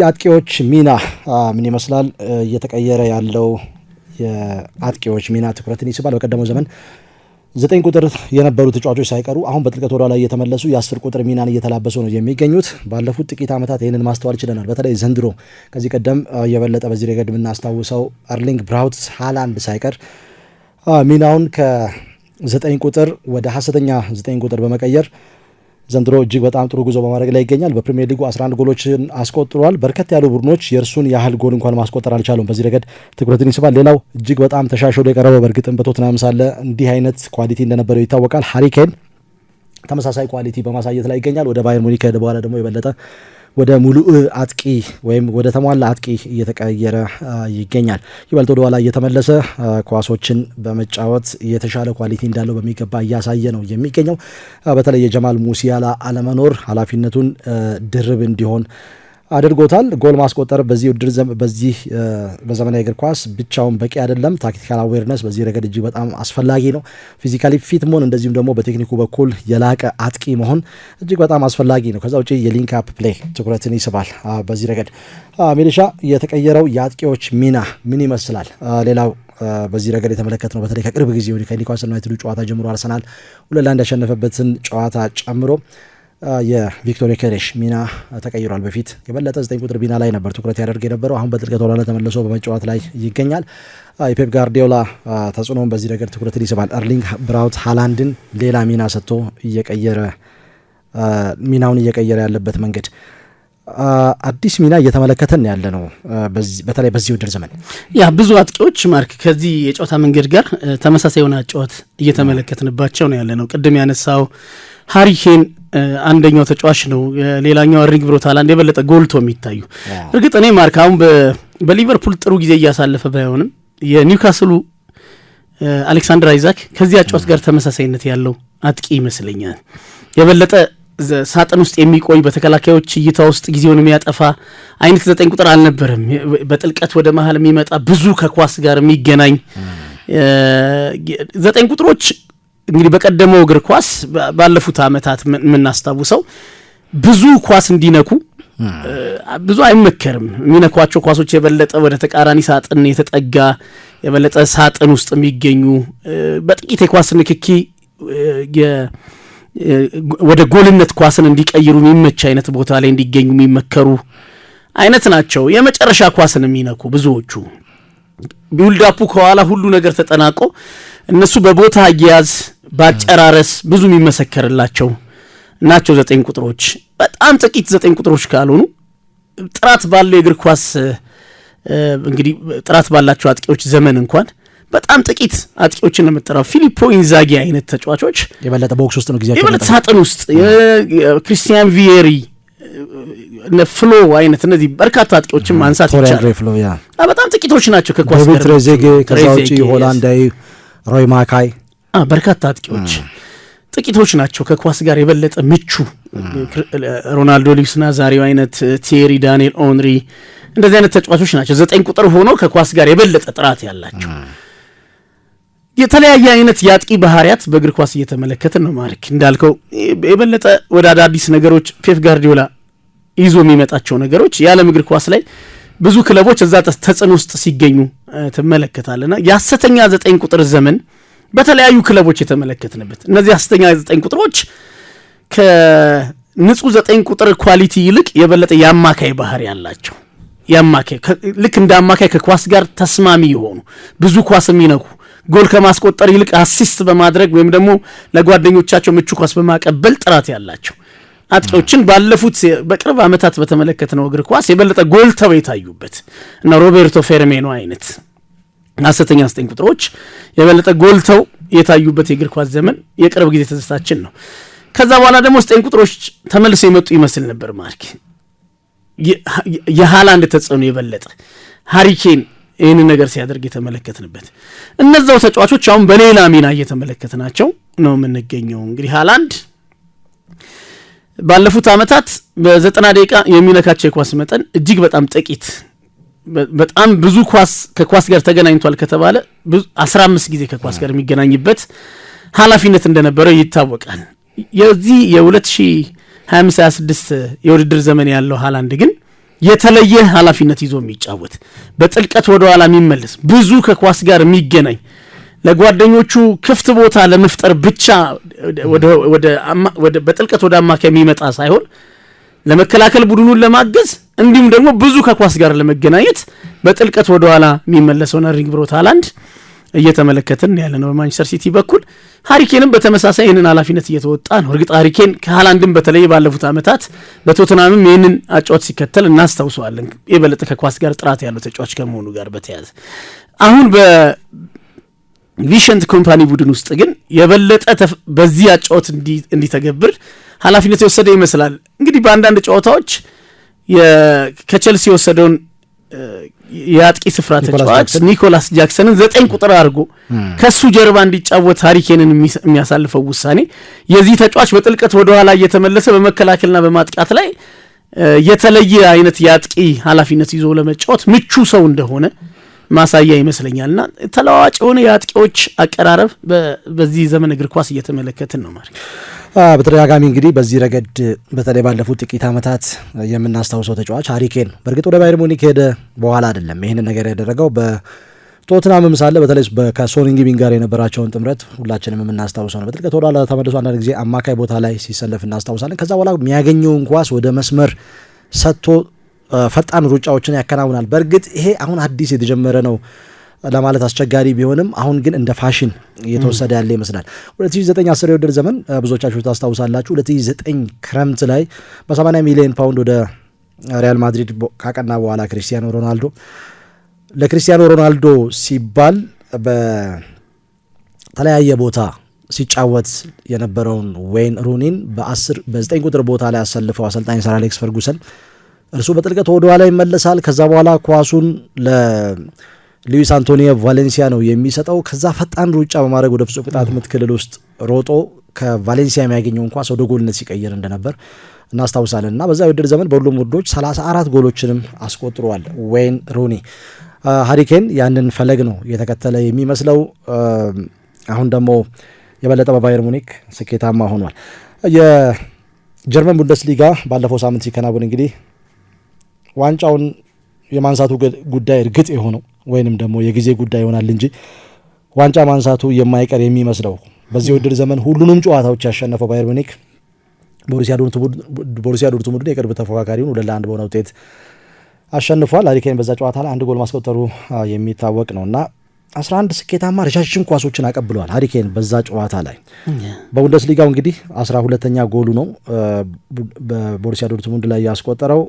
የአጥቂዎች ሚና ምን ይመስላል? እየተቀየረ ያለው የአጥቂዎች ሚና ትኩረትን ይስባል። በቀደመው ዘመን ዘጠኝ ቁጥር የነበሩ ተጫዋቾች ሳይቀሩ አሁን በጥልቀት ወደ ላይ እየተመለሱ የአስር ቁጥር ሚናን እየተላበሱ ነው የሚገኙት። ባለፉት ጥቂት ዓመታት ይህንን ማስተዋል ችለናል። በተለይ ዘንድሮ ከዚህ ቀደም የበለጠ በዚህ ረገድ የምናስታውሰው አርሊንግ ብራውት ሃላንድ ሳይቀር ሚናውን ከዘጠኝ ቁጥር ወደ ሀሰተኛ ዘጠኝ ቁጥር በመቀየር ዘንድሮ እጅግ በጣም ጥሩ ጉዞ በማድረግ ላይ ይገኛል። በፕሪሚየር ሊጉ 11 ጎሎችን አስቆጥሯል። በርከት ያሉ ቡድኖች የእርሱን ያህል ጎል እንኳን ማስቆጠር አልቻሉም። በዚህ ረገድ ትኩረትን ይስባል። ሌላው እጅግ በጣም ተሻሽሎ የቀረበው በእርግጥም በቶትናም ሳለ እንዲህ አይነት ኳሊቲ እንደነበረው ይታወቃል። ሃሪኬን ተመሳሳይ ኳሊቲ በማሳየት ላይ ይገኛል። ወደ ባየር ሙኒክ ከሄደ በኋላ ደግሞ የበለጠ ወደ ሙሉ አጥቂ ወይም ወደ ተሟላ አጥቂ እየተቀየረ ይገኛል። ይበልጥ ወደ ኋላ እየተመለሰ ኳሶችን በመጫወት የተሻለ ኳሊቲ እንዳለው በሚገባ እያሳየ ነው የሚገኘው። በተለይ የጀማል ሙሲያላ አለመኖር ኃላፊነቱን ድርብ እንዲሆን አድርጎታል። ጎል ማስቆጠር በዚህ ውድድር በዚህ በዘመናዊ እግር ኳስ ብቻውን በቂ አይደለም። ታክቲካል አዌርነስ በዚህ ረገድ እጅግ በጣም አስፈላጊ ነው። ፊዚካሊ ፊት መሆን እንደዚሁም ደግሞ በቴክኒኩ በኩል የላቀ አጥቂ መሆን እጅግ በጣም አስፈላጊ ነው። ከዛ ውጭ የሊንክ አፕ ፕሌይ ትኩረትን ይስባል። በዚህ ረገድ ሚሊሻ የተቀየረው የአጥቂዎች ሚና ምን ይመስላል? ሌላው በዚህ ረገድ የተመለከት ነው። በተለይ ከቅርብ ጊዜ ወዲህ ከኒውካስል ዩናይትዱ ጨዋታ ጀምሮ አርሰናል ሁለት ለአንድ ያሸነፈበትን ጨዋታ ጨምሮ የቪክቶሪያ ከሬሽ ሚና ተቀይሯል። በፊት የበለጠ ዘጠኝ ቁጥር ሚና ላይ ነበር ትኩረት ያደርግ የነበረው። አሁን በጥልቀት ወደ ተመልሶ በመጫወት ላይ ይገኛል። የፔፕ ጋርዲዮላ ተጽዕኖም በዚህ ነገር ትኩረትን ይስባል። እርሊንግ ብራውት ሃላንድን ሌላ ሚና ሰጥቶ እየቀየረ ሚናውን እየቀየረ ያለበት መንገድ አዲስ ሚና እየተመለከተን ያለ ነው። በተለይ በዚህ ውድድር ዘመን ያ ብዙ አጥቂዎች ማርክ ከዚህ የጨዋታ መንገድ ጋር ተመሳሳይ የሆነ ጨዋታ እየተመለከትንባቸው ነው ያለ ነው። ቅድም ያነሳው ሃሪኬን አንደኛው ተጫዋች ነው። ሌላኛው አርኒግ ብሮት ሃላንድ የበለጠ ጎልቶ የሚታዩ እርግጥ እኔ ማርክ አሁን በሊቨርፑል ጥሩ ጊዜ እያሳለፈ ባይሆንም የኒውካስሉ አሌክሳንደር አይዛክ ከዚህ አጫዋች ጋር ተመሳሳይነት ያለው አጥቂ ይመስለኛል። የበለጠ ሳጥን ውስጥ የሚቆይ በተከላካዮች እይታ ውስጥ ጊዜውን የሚያጠፋ አይነት ዘጠኝ ቁጥር አልነበረም። በጥልቀት ወደ መሀል የሚመጣ ብዙ ከኳስ ጋር የሚገናኝ ዘጠኝ ቁጥሮች እንግዲህ በቀደመው እግር ኳስ ባለፉት አመታት የምናስታውሰው ብዙ ኳስ እንዲነኩ ብዙ አይመከርም። የሚነኳቸው ኳሶች የበለጠ ወደ ተቃራኒ ሳጥን የተጠጋ የበለጠ ሳጥን ውስጥ የሚገኙ በጥቂት የኳስ ንክኪ ወደ ጎልነት ኳስን እንዲቀይሩ የሚመች አይነት ቦታ ላይ እንዲገኙ የሚመከሩ አይነት ናቸው። የመጨረሻ ኳስን የሚነኩ ብዙዎቹ ቢውልዳፑ ከኋላ ሁሉ ነገር ተጠናቆ እነሱ በቦታ አያያዝ በአጨራረስ ብዙ የሚመሰከርላቸው ናቸው። ዘጠኝ ቁጥሮች በጣም ጥቂት ዘጠኝ ቁጥሮች ካልሆኑ ጥራት ባለው የእግር ኳስ እንግዲህ ጥራት ባላቸው አጥቂዎች ዘመን እንኳን በጣም ጥቂት አጥቂዎችን ነው የምጠራው። ፊሊፖ ኢንዛጊ አይነት ተጫዋቾች የበለጠ ቦክስ ውስጥ ነው ጊዜ የበለጠ ሳጥን ውስጥ ክሪስቲያን ቪየሪ እነ ፍሎ አይነት እነዚህ በርካታ አጥቂዎችን ማንሳት ይቻላል። በጣም ጥቂቶች ናቸው ከኳስ ጋር ትሬዜጌ ከዛ ውጭ ሆላንዳዊ ሮይ ማካይ በርካታ አጥቂዎች ጥቂቶች ናቸው ከኳስ ጋር የበለጠ ምቹ። ሮናልዶ ሊዩስና ዛሬው አይነት ቴሪ ዳንኤል ኦንሪ እንደዚህ አይነት ተጫዋቾች ናቸው ዘጠኝ ቁጥር ሆኖ ከኳስ ጋር የበለጠ ጥራት ያላቸው። የተለያየ አይነት የአጥቂ ባህሪያት በእግር ኳስ እየተመለከትን ነው። ማርክ እንዳልከው የበለጠ ወደ አዳዲስ ነገሮች ፔፕ ጋርዲዮላ ይዞ የሚመጣቸው ነገሮች የዓለም እግር ኳስ ላይ ብዙ ክለቦች እዛ ተጽዕኖ ውስጥ ሲገኙ ትመለከታልና የአሰተኛ ዘጠኝ ቁጥር ዘመን በተለያዩ ክለቦች የተመለከትንበት እነዚህ ሐሰተኛ ዘጠኝ ቁጥሮች ከንጹህ ዘጠኝ ቁጥር ኳሊቲ ይልቅ የበለጠ የአማካይ ባህር ያላቸው ልክ እንደ አማካይ ከኳስ ጋር ተስማሚ የሆኑ ብዙ ኳስ የሚነኩ ጎል ከማስቆጠር ይልቅ አሲስት በማድረግ ወይም ደግሞ ለጓደኞቻቸው ምቹ ኳስ በማቀበል ጥራት ያላቸው አጥቂዎችን ባለፉት በቅርብ ዓመታት ነው እግር ኳስ የበለጠ ጎልተው የታዩበት እና ሮቤርቶ ፌርሜኖ አይነት ሐሰተኛ ዘጠኝ ቁጥሮች የበለጠ ጎልተው የታዩበት የእግር ኳስ ዘመን የቅርብ ጊዜ ትዝታችን ነው። ከዛ በኋላ ደግሞ ዘጠኝ ቁጥሮች ተመልሰው የመጡ ይመስል ነበር። ማርክ የሃላንድ ተጽዕኖ የበለጠ ሃሪኬን ይህንን ነገር ሲያደርግ የተመለከትንበት እነዛው ተጫዋቾች አሁን በሌላ ሚና እየተመለከትናቸው ነው የምንገኘው። እንግዲህ ሃላንድ ባለፉት አመታት በዘጠና ደቂቃ የሚነካቸው የኳስ መጠን እጅግ በጣም ጥቂት በጣም ብዙ ኳስ ከኳስ ጋር ተገናኝቷል ከተባለ አስራ አምስት ጊዜ ከኳስ ጋር የሚገናኝበት ኃላፊነት እንደነበረው ይታወቃል። የዚህ የ 2 26 የውድድር ዘመን ያለው ሀላንድ ግን የተለየ ኃላፊነት ይዞ የሚጫወት በጥልቀት ወደ ኋላ የሚመለስ ብዙ ከኳስ ጋር የሚገናኝ ለጓደኞቹ ክፍት ቦታ ለመፍጠር ብቻ በጥልቀት ወደ አማካይ የሚመጣ ሳይሆን ለመከላከል ቡድኑን ለማገዝ እንዲሁም ደግሞ ብዙ ከኳስ ጋር ለመገናኘት በጥልቀት ወደ ኋላ የሚመለሰውን ኤርሊንግ ብሮት ሃላንድ እየተመለከትን ያለ ነው። በማንቸስተር ሲቲ በኩል ሀሪኬንም በተመሳሳይ ይህንን ኃላፊነት እየተወጣ ነው። እርግጥ ሀሪኬን ከሃላንድን በተለይ ባለፉት ዓመታት በቶትናምም ይህንን አጫዋች ሲከተል እናስታውሰዋለን። የበለጠ ከኳስ ጋር ጥራት ያለው ተጫዋች ከመሆኑ ጋር በተያያዘ አሁን ቪንሸንት ኮምፓኒ ቡድን ውስጥ ግን የበለጠ በዚህ አጫወት እንዲተገብር ኃላፊነት የወሰደ ይመስላል። እንግዲህ በአንዳንድ ጨዋታዎች ከቸልሲ የወሰደውን የአጥቂ ስፍራ ተጫዋች ኒኮላስ ጃክሰንን ዘጠኝ ቁጥር አድርጎ ከሱ ጀርባ እንዲጫወት ሀሪኬንን የሚያሳልፈው ውሳኔ የዚህ ተጫዋች በጥልቀት ወደኋላ እየተመለሰ በመከላከልና በማጥቃት ላይ የተለየ አይነት የአጥቂ ኃላፊነት ይዞ ለመጫወት ምቹ ሰው እንደሆነ ማሳያ ይመስለኛል። እና ተለዋዋጭ የሆነ የአጥቂዎች አቀራረብ በዚህ ዘመን እግር ኳስ እየተመለከትን ነው ማለት በተደጋጋሚ እንግዲህ በዚህ ረገድ በተለይ ባለፉት ጥቂት ዓመታት የምናስታውሰው ተጫዋች ሀሪኬን በእርግጥ ወደ ባየር ሙኒክ ሄደ በኋላ አይደለም ይህንን ነገር ያደረገው ቶትናምም ሳለ በተለይ ከሶኒንግቢን ጋር የነበራቸውን ጥምረት ሁላችንም የምናስታውሰው ነው። በጥልቀት ወደ ኋላ ተመልሶ አንዳንድ ጊዜ አማካይ ቦታ ላይ ሲሰለፍ እናስታውሳለን። ከዛ በኋላ የሚያገኘውን ኳስ ወደ መስመር ሰጥቶ ፈጣን ሩጫዎችን ያከናውናል። በእርግጥ ይሄ አሁን አዲስ የተጀመረ ነው ለማለት አስቸጋሪ ቢሆንም አሁን ግን እንደ ፋሽን እየተወሰደ ያለ ይመስላል። 2009 10 የውድድር ዘመን ብዙዎቻችሁ ታስታውሳላችሁ። 2009 ክረምት ላይ በ80 ሚሊዮን ፓውንድ ወደ ሪያል ማድሪድ ካቀና በኋላ ክሪስቲያኖ ሮናልዶ ለክሪስቲያኖ ሮናልዶ ሲባል በተለያየ ቦታ ሲጫወት የነበረውን ዌይን ሩኒን በ9 ቁጥር ቦታ ላይ አሰልፈው አሰልጣኝ ሰር አሌክስ ፈርጉሰን እርሱ በጥልቀት ወደ ኋላ ይመለሳል። ከዛ በኋላ ኳሱን ለሉዊስ አንቶኒዮ ቫሌንሲያ ነው የሚሰጠው። ከዛ ፈጣን ሩጫ በማድረግ ወደ ፍጹም ቅጣት ምት ክልል ውስጥ ሮጦ ከቫሌንሲያ የሚያገኘውን ኳስ ወደ ጎልነት ሲቀይር እንደነበር እናስታውሳለን። እና በዛ የውድድር ዘመን በሁሉም ውድድሮች 34 ጎሎችንም አስቆጥሯል ዌይን ሩኒ። ሀሪኬን ያንን ፈለግ ነው የተከተለ የሚመስለው። አሁን ደግሞ የበለጠ በባየር ሙኒክ ስኬታማ ሆኗል። የጀርመን ቡንደስሊጋ ባለፈው ሳምንት ሲከናወን እንግዲህ ዋንጫውን የማንሳቱ ጉዳይ እርግጥ የሆነው ወይንም ደግሞ የጊዜ ጉዳይ ይሆናል እንጂ ዋንጫ ማንሳቱ የማይቀር የሚመስለው በዚህ ውድድር ዘመን ሁሉንም ጨዋታዎች ያሸነፈው ባየር ሙኒክ ቦሩሲያ ዶርትሙንድ ቡድን የቅርብ ተፎካካሪውን ሁለት ለአንድ በሆነ ውጤት አሸንፏል። ሃሪ በዛ ጨዋታ ላይ አንድ ጎል ማስቆጠሩ የሚታወቅ ነው እና 11 ስኬታማ ረዣዥም ኳሶችን አቀብለዋል ሃሪ በዛ ጨዋታ ላይ። በቡንደስሊጋው እንግዲህ 12ተኛ ጎሉ ነው በቦሩሲያ ዶርትሙንድ ላይ ያስቆጠረው።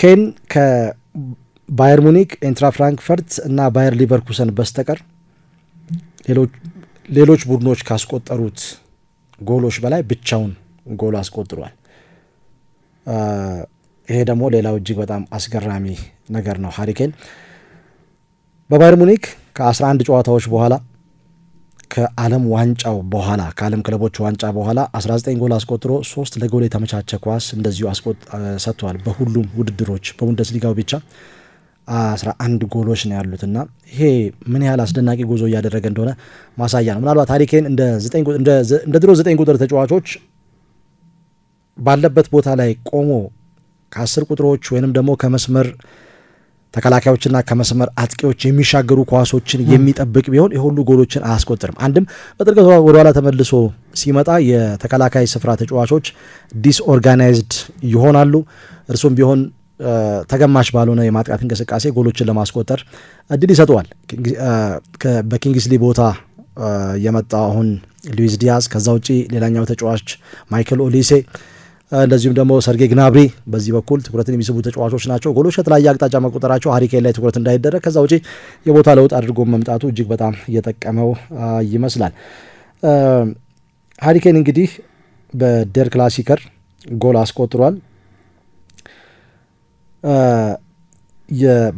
ኬን ከባየር ሙኒክ፣ ኤንትራ ፍራንክፈርት እና ባየር ሊቨርኩሰን በስተቀር ሌሎች ቡድኖች ካስቆጠሩት ጎሎች በላይ ብቻውን ጎል አስቆጥሯል። ይሄ ደግሞ ሌላው እጅግ በጣም አስገራሚ ነገር ነው። ሀሪኬን በባየር ሙኒክ ከ11 ጨዋታዎች በኋላ ከዓለም ዋንጫው በኋላ ከዓለም ክለቦች ዋንጫ በኋላ 19 ጎል አስቆጥሮ ሶስት ለጎል የተመቻቸ ኳስ እንደዚሁ ሰጥቷል። በሁሉም ውድድሮች በቡንደስሊጋው ብቻ 11 ጎሎች ነው ያሉት እና ይሄ ምን ያህል አስደናቂ ጉዞ እያደረገ እንደሆነ ማሳያ ነው። ምናልባት ሃሪኬን እንደ ድሮ 9 ቁጥር ተጫዋቾች ባለበት ቦታ ላይ ቆሞ ከአስር ቁጥሮች ወይንም ደግሞ ከመስመር ተከላካዮችና ከመስመር አጥቂዎች የሚሻገሩ ኳሶችን የሚጠብቅ ቢሆን የሁሉ ጎሎችን አያስቆጥርም። አንድም በጥልቀት ወደኋላ ተመልሶ ሲመጣ የተከላካይ ስፍራ ተጫዋቾች ዲስኦርጋናይዝድ ይሆናሉ። እርሱም ቢሆን ተገማሽ ባልሆነ የማጥቃት እንቅስቃሴ ጎሎችን ለማስቆጠር እድል ይሰጠዋል። በኪንግስሊ ቦታ የመጣው አሁን ሉዊስ ዲያዝ፣ ከዛ ውጪ ሌላኛው ተጫዋች ማይክል ኦሊሴ እንደዚሁም ደግሞ ሰርጌ ግናብሪ በዚህ በኩል ትኩረትን የሚስቡ ተጫዋቾች ናቸው። ጎሎች ከተለያየ አቅጣጫ መቆጠራቸው ሀሪኬን ላይ ትኩረት እንዳይደረግ ከዛ ውጪ የቦታ ለውጥ አድርጎ መምጣቱ እጅግ በጣም እየጠቀመው ይመስላል። ሀሪኬን እንግዲህ በደር ክላሲከር ጎል አስቆጥሯል።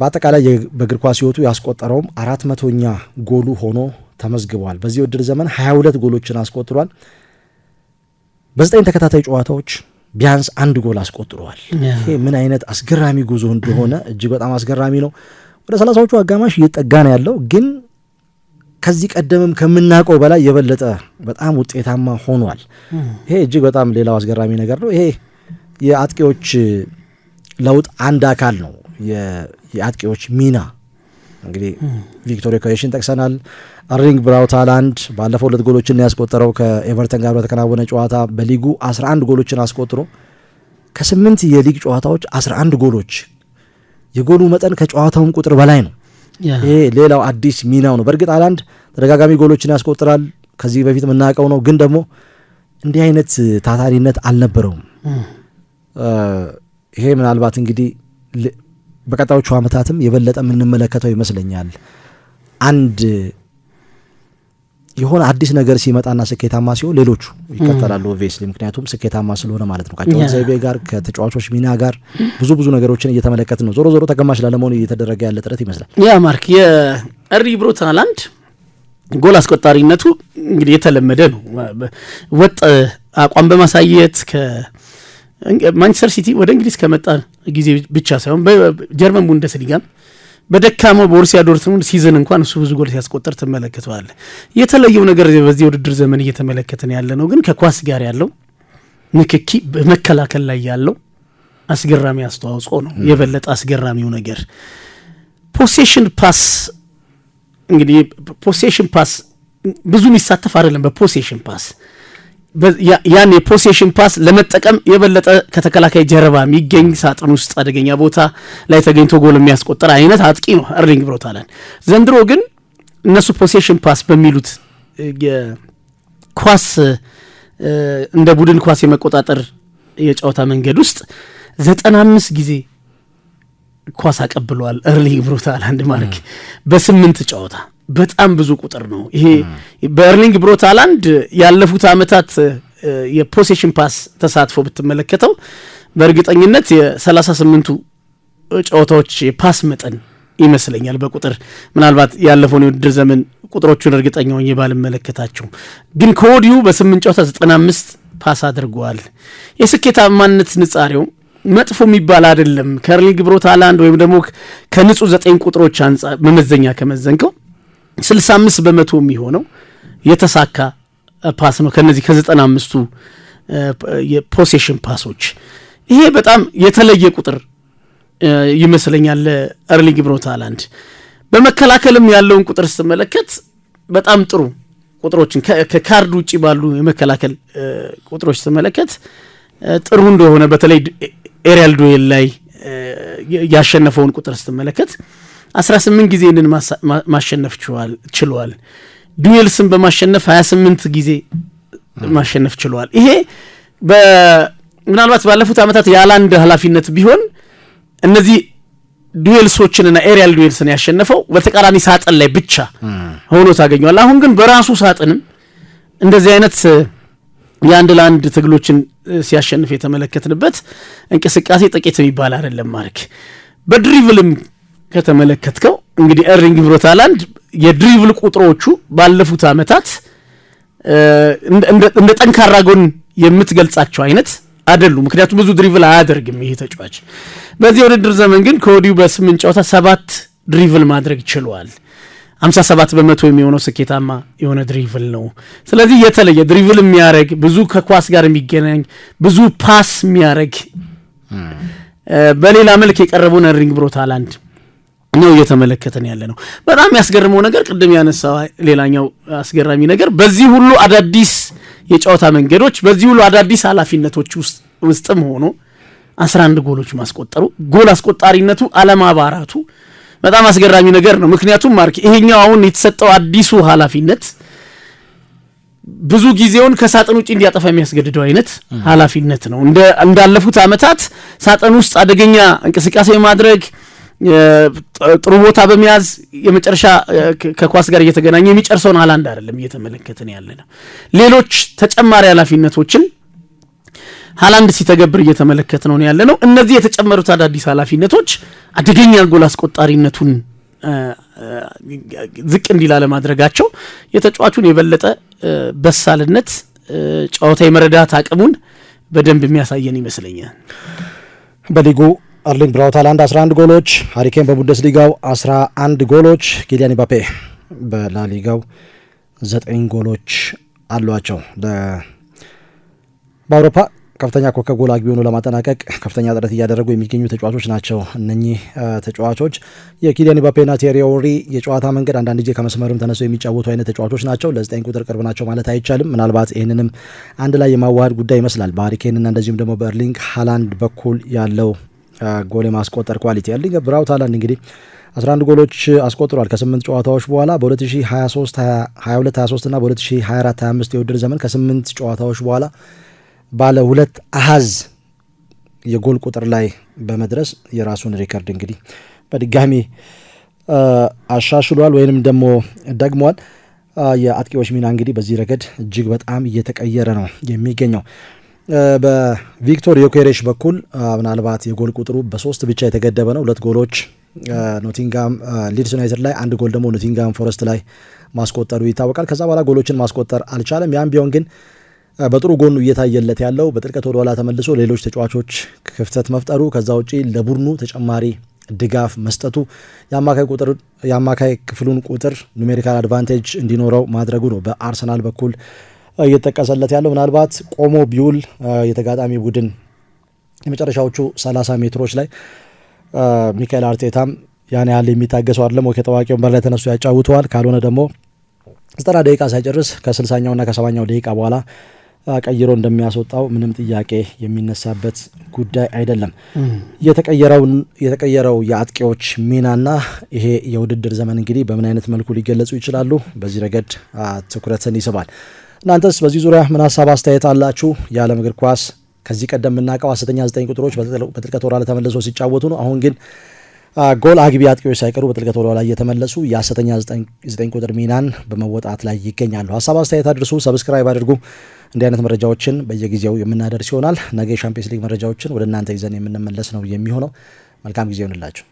በአጠቃላይ በእግር ኳስ ህይወቱ ያስቆጠረውም አራት መቶኛ ጎሉ ሆኖ ተመዝግቧል። በዚህ ውድድር ዘመን 22 ጎሎችን አስቆጥሯል በዘጠኝ ተከታታይ ጨዋታዎች ቢያንስ አንድ ጎል አስቆጥረዋል። ይሄ ምን አይነት አስገራሚ ጉዞ እንደሆነ እጅግ በጣም አስገራሚ ነው። ወደ ሰላሳዎቹ አጋማሽ እየጠጋ ነው ያለው ግን ከዚህ ቀደምም ከምናውቀው በላይ የበለጠ በጣም ውጤታማ ሆኗል። ይሄ እጅግ በጣም ሌላው አስገራሚ ነገር ነው። ይሄ የአጥቂዎች ለውጥ አንድ አካል ነው። የአጥቂዎች ሚና እንግዲህ ቪክቶሪ ኮሽን ጠቅሰናል። አርሊንግ ብራውት ሃላንድ ባለፈው ሁለት ጎሎችን ያስቆጠረው ከኤቨርተን ጋር በተከናወነ ጨዋታ በሊጉ 11 ጎሎችን አስቆጥሮ ከስምንት የሊግ ጨዋታዎች 11 ጎሎች፣ የጎሉ መጠን ከጨዋታውም ቁጥር በላይ ነው። ይሄ ሌላው አዲስ ሚናው ነው። በእርግጥ ሃላንድ ተደጋጋሚ ጎሎችን ያስቆጥራል፣ ከዚህ በፊት የምናውቀው ነው። ግን ደግሞ እንዲህ አይነት ታታሪነት አልነበረውም። ይሄ ምናልባት እንግዲህ በቀጣዮቹ ዓመታትም የበለጠ የምንመለከተው ይመስለኛል። አንድ የሆነ አዲስ ነገር ሲመጣና ስኬታማ ሲሆን ሌሎቹ ይከተላሉ ኦብቪየስሊ፣ ምክንያቱም ስኬታማ ስለሆነ ማለት ነው። ከጨዋታ ዘይቤ ጋር ከተጫዋቾች ሚና ጋር ብዙ ብዙ ነገሮችን እየተመለከት ነው። ዞሮ ዞሮ ተገማሽ ላለመሆኑ እየተደረገ ያለ ጥረት ይመስላል። ያ ማርክ የእሪ ብሮት አላንድ ጎል አስቆጣሪነቱ እንግዲህ የተለመደ ነው። ወጥ አቋም በማሳየት ማንቸስተር ሲቲ ወደ እንግሊዝ ከመጣ ጊዜ ብቻ ሳይሆን በጀርመን ቡንደስሊጋም በደካማው ቦሩሲያ ዶርትሙንድ ሲዝን እንኳን እሱ ብዙ ጎል ሲያስቆጠር ትመለከተዋለ። የተለየው ነገር በዚህ የውድድር ዘመን እየተመለከትን ያለ ነው፣ ግን ከኳስ ጋር ያለው ንክኪ በመከላከል ላይ ያለው አስገራሚ አስተዋጽኦ ነው። የበለጠ አስገራሚው ነገር ፖሴሽን ፓስ እንግዲህ ፖሴሽን ፓስ ብዙ የሚሳተፍ አይደለም። በፖሴሽን ፓስ ያን የፖሴሽን ፓስ ለመጠቀም የበለጠ ከተከላካይ ጀርባ የሚገኝ ሳጥን ውስጥ አደገኛ ቦታ ላይ ተገኝቶ ጎል የሚያስቆጠር አይነት አጥቂ ነው እርሊንግ ብሮታለን። ዘንድሮ ግን እነሱ ፖሴሽን ፓስ በሚሉት ኳስ እንደ ቡድን ኳስ የመቆጣጠር የጨዋታ መንገድ ውስጥ ዘጠና አምስት ጊዜ ኳስ አቀብለዋል እርሊንግ ብሮት ሃላንድ በስምንት ጨዋታ በጣም ብዙ ቁጥር ነው። ይሄ በርሊንግ ብሮት ሃላንድ ያለፉት ዓመታት የፖሴሽን ፓስ ተሳትፎ ብትመለከተው በእርግጠኝነት የሰላሳ ስምንቱ ጨዋታዎች የፓስ መጠን ይመስለኛል በቁጥር ምናልባት ያለፈውን የውድድር ዘመን ቁጥሮቹን እርግጠኛ ሆኜ ባልመለከታቸውም፣ ግን ከወዲሁ በስምንት ጨዋታ ዘጠና አምስት ፓስ አድርገዋል። የስኬታማነት ንጻሬው መጥፎ የሚባል አይደለም። ከኤርሊንግ ብሮት ሃላንድ ወይም ደግሞ ከንጹህ ዘጠኝ ቁጥሮች አንጻር መመዘኛ ከመዘንከው ስልሳ አምስት በመቶ የሚሆነው የተሳካ ፓስ uh, ነው ከነዚህ ከዘጠና አምስቱ uh, የፖሴሽን ፓሶች። ይሄ በጣም የተለየ ቁጥር uh, ይመስለኛል ለእርሊንግ ብሮት ሃላንድ። በመከላከልም ያለውን ቁጥር ስትመለከት በጣም ጥሩ ቁጥሮችን ከካርድ ውጭ ባሉ የመከላከል ቁጥሮች ስትመለከት ጥሩ እንደሆነ በተለይ ኤሪያል ዱዌል ላይ ያሸነፈውን ቁጥር ስትመለከት ስምንት ጊዜ ንን ማሸነፍ ችሏል። ዱዌልስን በማሸነፍ 28 ጊዜ ማሸነፍ ችሏል። ይሄ ምናልባት ባለፉት ዓመታት የአላንድ አንድ ኃላፊነት ቢሆን እነዚህ ዱዌልሶችንና ኤሪያል ዱዌልስን ያሸነፈው በተቃራኒ ሳጥን ላይ ብቻ ሆኖ ታገኘዋል። አሁን ግን በራሱ ሳጥንም እንደዚህ አይነት የአንድ ለአንድ ትግሎችን ሲያሸንፍ የተመለከትንበት እንቅስቃሴ ጥቂት የሚባል አይደለም። ማርክ በድሪቭልም ከተመለከትከው እንግዲህ ኤርሊንግ ብሮታላንድ የድሪብል ቁጥሮቹ ባለፉት ዓመታት እንደ ጠንካራ ጎን የምትገልጻቸው አይነት አይደሉም። ምክንያቱም ብዙ ድሪቭል አያደርግም ይሄ ተጫዋች። በዚህ የውድድር ዘመን ግን ከወዲሁ በስምንት ጨዋታ ሰባት ድሪቭል ማድረግ ችሏል። 57 በመቶ የሚሆነው ስኬታማ የሆነ ድሪቭል ነው። ስለዚህ የተለየ ድሪቭል የሚያደርግ ብዙ ከኳስ ጋር የሚገናኝ ብዙ ፓስ የሚያደርግ በሌላ መልክ የቀረበውን ኤርሊንግ ብሮት ሃላንድ ነው እየተመለከተን ያለ ነው። በጣም ያስገርመው ነገር ቅድም ያነሳ ሌላኛው አስገራሚ ነገር በዚህ ሁሉ አዳዲስ የጨዋታ መንገዶች፣ በዚህ ሁሉ አዳዲስ ኃላፊነቶች ውስጥም ሆኖ 11 ጎሎች ማስቆጠሩ፣ ጎል አስቆጣሪነቱ አለማባራቱ በጣም አስገራሚ ነገር ነው። ምክንያቱም ማርክ ይሄኛው አሁን የተሰጠው አዲሱ ኃላፊነት ብዙ ጊዜውን ከሳጥን ውጭ እንዲያጠፋ የሚያስገድደው አይነት ኃላፊነት ነው። እንዳለፉት ዓመታት ሳጥን ውስጥ አደገኛ እንቅስቃሴ ማድረግ ጥሩ ቦታ በመያዝ የመጨረሻ ከኳስ ጋር እየተገናኘ የሚጨርሰውን ሀላንድ አይደለም እየተመለከትን ያለ ነው። ሌሎች ተጨማሪ ኃላፊነቶችን ሀላንድ ሲተገብር እየተመለከት ነው ያለ ነው። እነዚህ የተጨመሩት አዳዲስ ኃላፊነቶች አደገኛ ጎል አስቆጣሪነቱን ዝቅ እንዲላ ለማድረጋቸው የተጫዋቹን የበለጠ በሳልነት ጨዋታ የመረዳት አቅሙን በደንብ የሚያሳየን ይመስለኛል በሊጉ አርሊንግ ብራውት ሃላንድ 11 ጎሎች፣ ሃሪኬን በቡንደስሊጋው 11 ጎሎች፣ ኪሊያን ኢምባፔ በላሊጋው 9 ጎሎች አሏቸው። በአውሮፓ ከፍተኛ ኮከብ ጎል አግቢ ሆኖ ለማጠናቀቅ ከፍተኛ ጥረት እያደረጉ የሚገኙ ተጫዋቾች ናቸው። እነኚህ ተጫዋቾች የኪሊያን ኢምባፔና ቲዬሪ ኦሪ የጨዋታ መንገድ አንዳንድ ጊዜ ከመስመርም ተነስተው የሚጫወቱ አይነት ተጫዋቾች ናቸው። ለዘጠኝ ቁጥር ቅርብ ናቸው ማለት አይቻልም። ምናልባት ይህንንም አንድ ላይ የማዋሃድ ጉዳይ ይመስላል በሃሪ እንደዚሁም ደግሞ በርሊንግ ሃላንድ በኩል ያለው ጎል የማስቆጠር ኳሊቲ ያለ ብራውት ሃላንድ እንግዲህ 11 ጎሎች አስቆጥሯል ከ8 ጨዋታዎች በኋላ በ2022 23 እና በ2024 25 የውድድር ዘመን ከ8 ጨዋታዎች በኋላ ባለ ሁለት አሃዝ የጎል ቁጥር ላይ በመድረስ የራሱን ሪከርድ እንግዲህ በድጋሚ አሻሽሏል ወይንም ደግሞ ደግሟል። የአጥቂዎች ሚና እንግዲህ በዚህ ረገድ እጅግ በጣም እየተቀየረ ነው የሚገኘው። በቪክቶር ዮኬሬሽ በኩል ምናልባት የጎል ቁጥሩ በሶስት ብቻ የተገደበ ነው። ሁለት ጎሎች ኖቲንጋም ሊድስ ዩናይትድ ላይ፣ አንድ ጎል ደግሞ ኖቲንጋም ፎረስት ላይ ማስቆጠሩ ይታወቃል። ከዛ በኋላ ጎሎችን ማስቆጠር አልቻለም። ያም ቢሆን ግን በጥሩ ጎኑ እየታየለት ያለው በጥልቀት ወደ ኋላ ተመልሶ ሌሎች ተጫዋቾች ክፍተት መፍጠሩ፣ ከዛ ውጪ ለቡድኑ ተጨማሪ ድጋፍ መስጠቱ የአማካይ ክፍሉን ቁጥር ኑሜሪካል አድቫንቴጅ እንዲኖረው ማድረጉ ነው በአርሰናል በኩል እየተጠቀሰለት ያለው ምናልባት ቆሞ ቢውል የተጋጣሚ ቡድን የመጨረሻዎቹ 30 ሜትሮች ላይ ሚካኤል አርቴታም ያን ያህል የሚታገሰው አይደለም። ወ ከታዋቂ ወንበር ላይ ተነሱ ያጫውተዋል። ካልሆነ ደግሞ ዘጠና ደቂቃ ሳይጨርስ ከስልሳኛውና ከሰባኛው ደቂቃ በኋላ ቀይሮ እንደሚያስወጣው ምንም ጥያቄ የሚነሳበት ጉዳይ አይደለም። የተቀየረው የአጥቂዎች ሚናና ይሄ የውድድር ዘመን እንግዲህ በምን አይነት መልኩ ሊገለጹ ይችላሉ? በዚህ ረገድ ትኩረትን ይስባል። እናንተስ በዚህ ዙሪያ ምን ሀሳብ አስተያየት አላችሁ? የዓለም እግር ኳስ ከዚህ ቀደም የምናውቀው ሐሰተኛ ዘጠኝ ቁጥሮች በጥልቀት ወራ ላይ ሲጫወቱ ነው። አሁን ግን ጎል አግቢ አጥቂዎች ሳይቀሩ በጥልቀት ወራ ላይ እየተመለሱ የሐሰተኛ ዘጠኝ ቁጥር ሚናን በመወጣት ላይ ይገኛሉ። ሀሳብ አስተያየት አድርሱ፣ ሰብስክራይብ አድርጉ። እንዲህ አይነት መረጃዎችን በየጊዜው የምናደርስ ይሆናል። ነገ የሻምፒየንስ ሊግ መረጃዎችን ወደ እናንተ ይዘን የምንመለስ ነው የሚሆነው። መልካም ጊዜ ይሆንላችሁ።